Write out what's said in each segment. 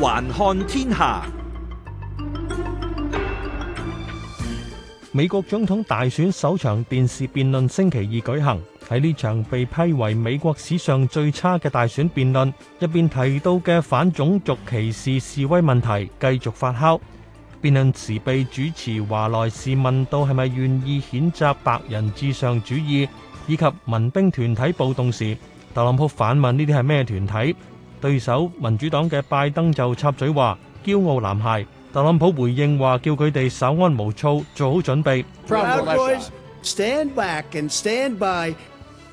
環看天下，美國總統大選首場電視辯論星期二舉行。喺呢場被批為美國史上最差嘅大選辯論入邊提到嘅反種族歧視示威問題繼續發酵。辯論時被主持華萊士問到係咪願意譴責白人至上主義以及民兵團體暴動時，特朗普反問呢啲係咩團體？對手民主黨嘅拜登就插嘴話：驕傲男孩。特朗普回應話：叫佢哋稍安勿躁，做好準備。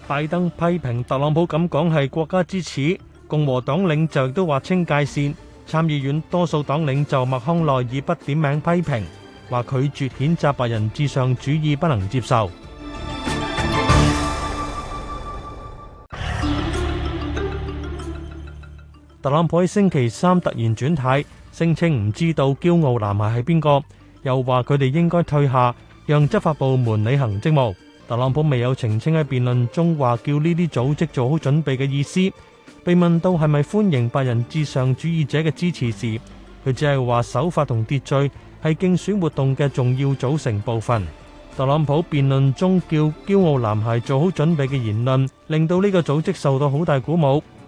拜登批評特朗普咁講係國家之恥。共和黨領袖亦都劃清界線。參議院多數黨領袖麥康奈爾不點名批評，話拒絕譴責白人至上主義不能接受。特朗普喺星期三突然轉態，聲稱唔知道「驕傲男孩」係邊個，又話佢哋應該退下，讓執法部門履行職務。特朗普未有澄清喺辯論中話叫呢啲組織做好準備嘅意思。被問到係咪歡迎白人至上主義者嘅支持時，佢只係話守法同秩序係競選活動嘅重要組成部分。特朗普辯論中叫「驕傲男孩」做好準備嘅言論，令到呢個組織受到好大鼓舞。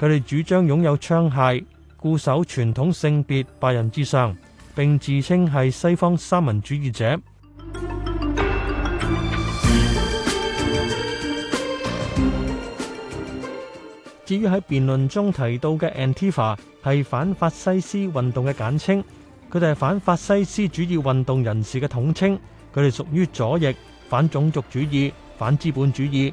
佢哋主張擁有槍械，固守傳統性別白人至上，並自稱係西方沙文主義者。至於喺辯論中提到嘅 Antifa 係反法西斯運動嘅簡稱，佢哋係反法西斯主義運動人士嘅統稱，佢哋屬於左翼、反種族主義、反資本主義。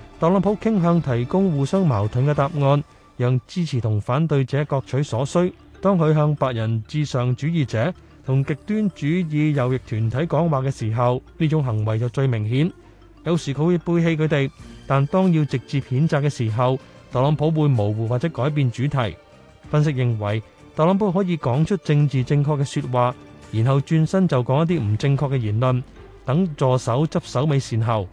特朗普傾向提供互相矛盾嘅答案，讓支持同反對者各取所需。當佢向白人至上主義者同極端主義右翼團體講話嘅時候，呢種行為就最明顯。有時佢會背棄佢哋，但當要直接譴責嘅時候，特朗普會模糊或者改變主題。分析認為，特朗普可以講出政治正確嘅説話，然後轉身就講一啲唔正確嘅言論，等助手執手尾善後。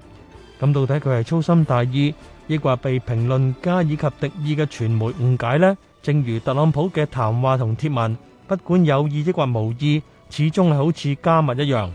咁到底佢係粗心大意，抑或被評論家以及敵意嘅傳媒誤解呢？正如特朗普嘅談話同貼文，不管有意抑或無意，始終係好似加密一樣。